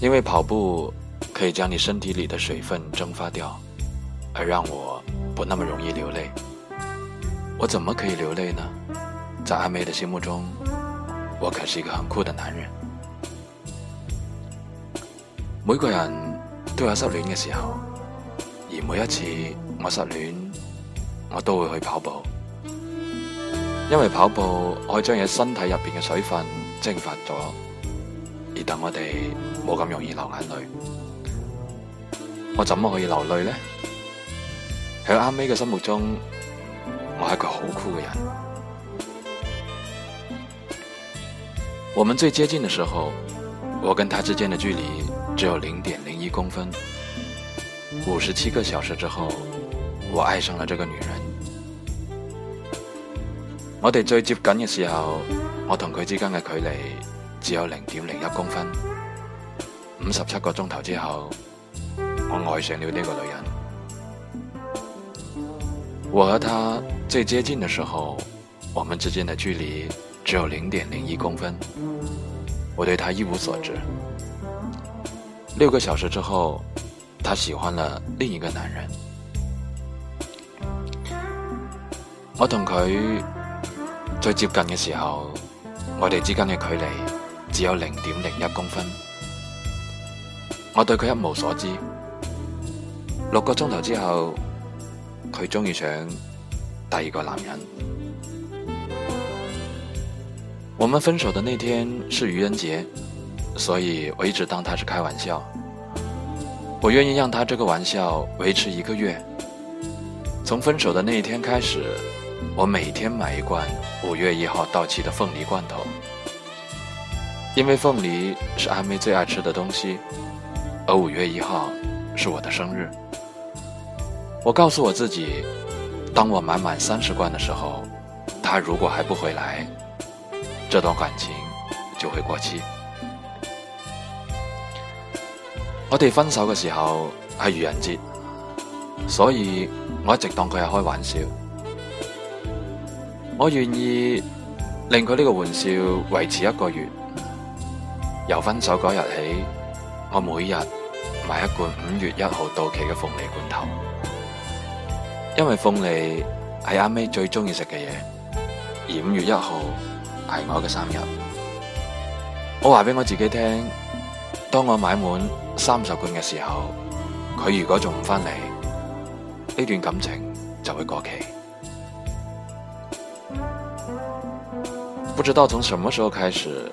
因為跑步可以將你身體裏的水分蒸發掉，而讓我不那麼容易流淚。我怎麼可以流淚呢？在阿 May 的心目中，我可是一個很酷的男人。每個人都有失戀嘅時候，而每一次我失戀，我都會去跑步。因為跑步可以將你身體入邊嘅水分蒸發咗。而等我哋冇咁容易流眼淚，我怎麼可以流淚呢？喺阿 May 嘅心目中，我係一個好酷嘅人。我們最接近的時候，我跟她之間的距離只有零點零一公分。五十七個小時之後，我愛上了這個女人。我哋最接近嘅時候，我同佢之間嘅距離。只有零點零一公分。五十七個鐘頭之後，我愛上了呢個女人。我和她最接近嘅時候，我們之間嘅距離只有零點零一公分。我對她一無所知。六個小時之後，她喜歡了另一個男人。我同佢最接近嘅時候，我哋之間嘅距離。只有零點零一公分，我對佢一無所知。六個鐘頭之後，佢鍾意咗第二個男人。我們分手的那天是愚人節，所以我一直當他是開玩笑。我願意讓他這個玩笑維持一個月。從分手的那一天開始，我每天買一罐五月一號到期的鳳梨罐頭。因為鳳梨是阿 May 最愛吃的東西，而五月一號是我的生日。我告訴我自己，當我買滿三十罐的時候，她如果還不回來，這段感情就會過期。我哋分手嘅時候係愚人節，所以我一直當佢係開玩笑。我願意令佢呢個玩笑維持一個月。由分手嗰日起，我每日買一罐五月一號到期嘅鳳梨罐頭，因為鳳梨係阿 May 最鍾意食嘅嘢，而五月一號係我嘅生日。我話俾我自己聽，當我買滿三十罐嘅時候，佢如果仲唔翻嚟，呢段感情就會過期。不知道從什麼時候開始。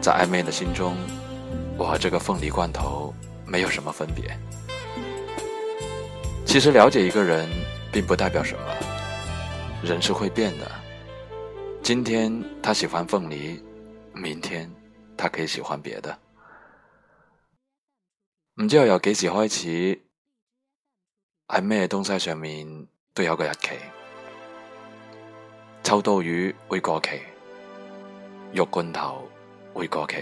在阿 May 的心中，我和這個鳳梨罐頭沒有什麼分別。其實了解一個人，並不代表什麼。人是會變的，今天他喜歡鳳梨，明天他可以喜歡別的。唔知道由幾時開始，喺咩嘢東西上面都有個日期。秋刀魚會過期，肉罐頭，會過期，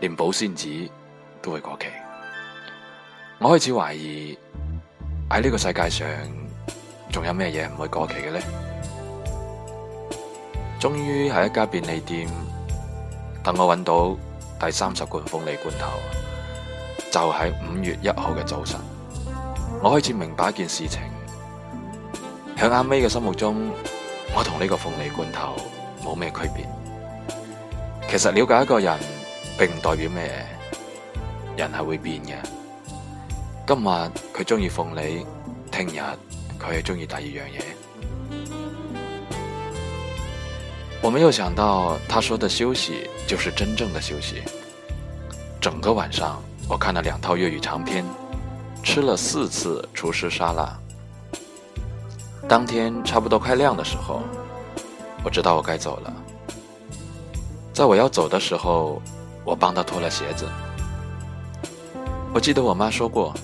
連保鮮紙都會過期。我開始懷疑喺呢個世界上仲有咩嘢唔會過期嘅呢？終於喺一家便利店等我揾到第三十罐鳳梨罐頭，就喺五月一號嘅早晨。我開始明白一件事情：喺阿 May 嘅心目中，我同呢個鳳梨罐頭冇咩區別。其實了解一個人並唔代表咩，人係會變嘅。今晚佢中意鳳梨，聽日佢又中意第二樣嘢。我沒有想到他說的休息就是真正的休息。整個晚上我看了兩套粵語長片，吃了四次廚師沙拉。當天差不多快亮的時候，我知道我該走了。在我要走的時候，我幫她脱了鞋子。我記得我媽說過，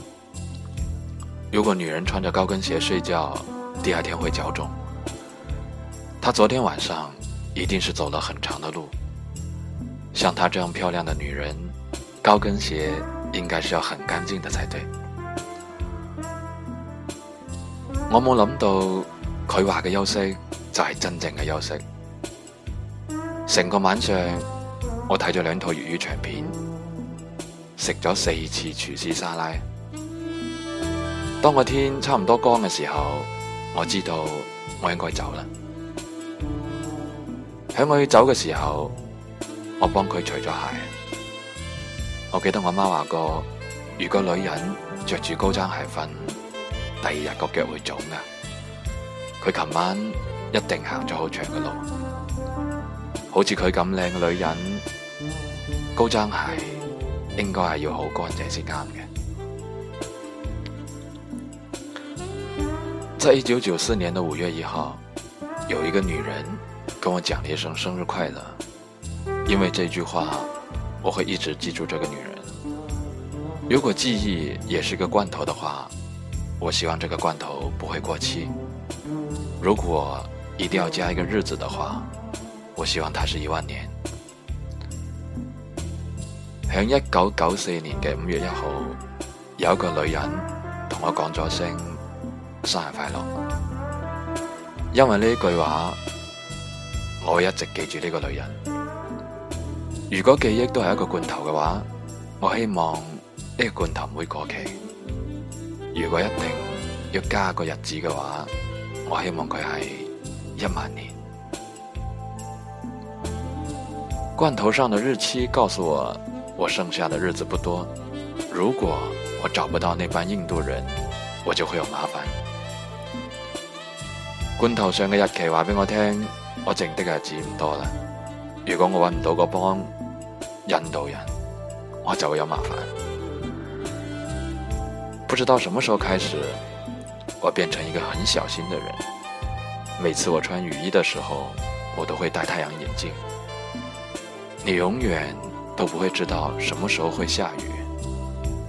如果女人穿着高跟鞋睡覺，第二天會腳腫。她昨天晚上一定是走了很長的路。像她這樣漂亮的女人，高跟鞋應該是要很乾淨的才對。我冇諗到，佢話嘅休息就係真正嘅休息。成個晚上，我睇咗兩套粵語長片，食咗四次廚師沙拉。當個天差唔多光嘅時候，我知道我應該走啦。喺我要走嘅時候，我幫佢除咗鞋。我記得我媽話過，如果女人着住高踭鞋瞓，第二日個腳會腫噶。佢琴晚一定行咗好長嘅路。好似佢咁靚嘅女人，高踭鞋應該係要好乾淨先啱嘅。在一九九四年的五月一號，有一個女人跟我講了一聲生日快樂，因為這句話我會一直記住這個女人。如果記憶也是個罐頭的話，我希望這個罐頭不會過期。如果一定要加一個日子的話，我希望它是一萬年。喺一九九四年嘅五月一號，有一個女人同我講咗聲生日快樂。因為呢句話，我會一直記住呢個女人。如果記憶都係一個罐頭嘅話，我希望呢個罐頭唔會過期。如果一定要加個日子嘅話，我希望佢係一萬年。罐頭上的日期告訴我，我剩下的日子不多。如果我找不到那班印度人，我就會有麻煩。罐、嗯、頭上嘅日期話俾我聽，我剩的日子唔多啦。如果我揾唔到嗰班印度人、人，我就會有麻煩。不知道什麼時候開始，我變成一個很小心的人。每次我穿雨衣的時候，我都會戴太陽眼鏡。你永遠都不會知道什麼時候會下雨，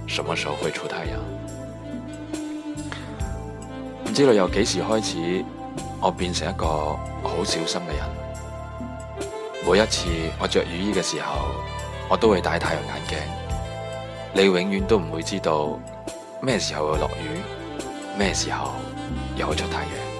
什麼時候會出太陽。唔知道由幾時開始，我變成一個好小心嘅人。每一次我着雨衣嘅時候，我都會戴太陽眼鏡。你永遠都唔會知道咩時候會落雨，咩時候又會出太陽。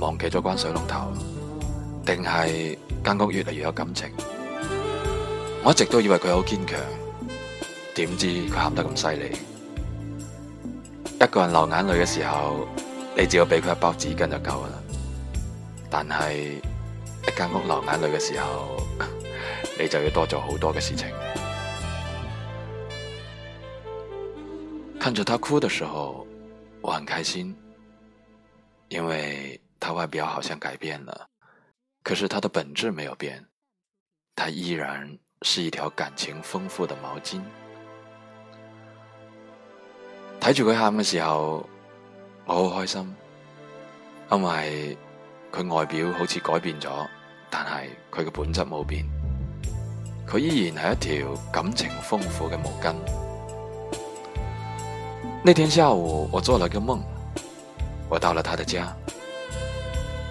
忘記咗關水龍頭，定係間屋越嚟越有感情。我一直都以為佢好堅強，點知佢喊得咁犀利。一個人流眼淚嘅時候，你只要俾佢一包紙巾就夠啦。但係一間屋流眼淚嘅時候，你就要多做好多嘅事情。看着他哭嘅時候，我很開心，因為。外表好像改變了，可是他的本質沒有變，他依然是一條感情豐富的毛巾。睇住佢喊嘅時候，我好開心，因為佢外表好似改變咗，但係佢嘅本質冇變，佢依然係一條感情豐富嘅毛巾。那天下午，我做了個夢，我到了他的家。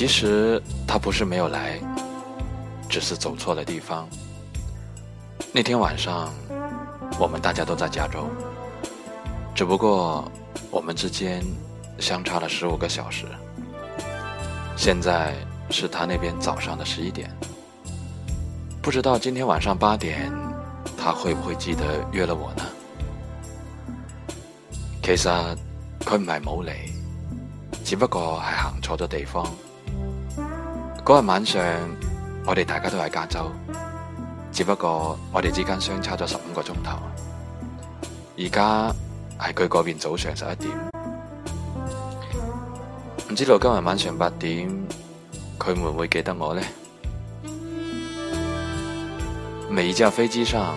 其實他不是沒有來，只是走錯了地方。那天晚上，我們大家都在加州，只不過我們之間相差了十五個小時。現在是他那邊早上的十一點，不知道今天晚上八點，他會不會記得約了我呢？其實佢唔係冇嚟，只不過係行錯咗地方。嗰日晚上，我哋大家都喺加州，只不過我哋之間相差咗十五個鐘頭。而家係佢嗰邊早上十一點，唔知道今日晚上八點，佢會唔會記得我呢？每一架飛機上，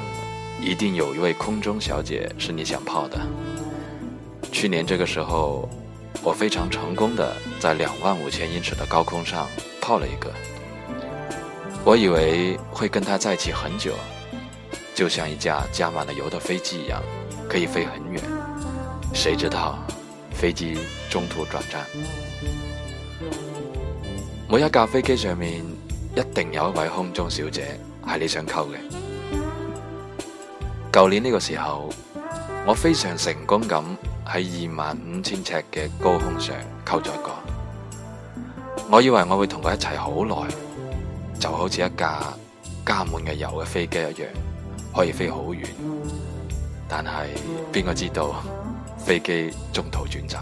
一定有一位空中小姐是你想泡的。去年這個時候，我非常成功地在兩萬五千英尺的高空上。泡了一個，我以為會跟他在一起很久，就像一架加滿了油的飛機一樣，可以飛很遠。誰知道飛機中途轉站。每一架飛機上面，一定有一位空中小姐係你想溝嘅。舊年呢個時候，我非常成功咁喺二萬五千尺嘅高空上溝咗一個。我以為我會同佢一齊好耐，就好似一架加滿嘅油嘅飛機一樣，可以飛好遠。但係邊個知道飛機中途轉站？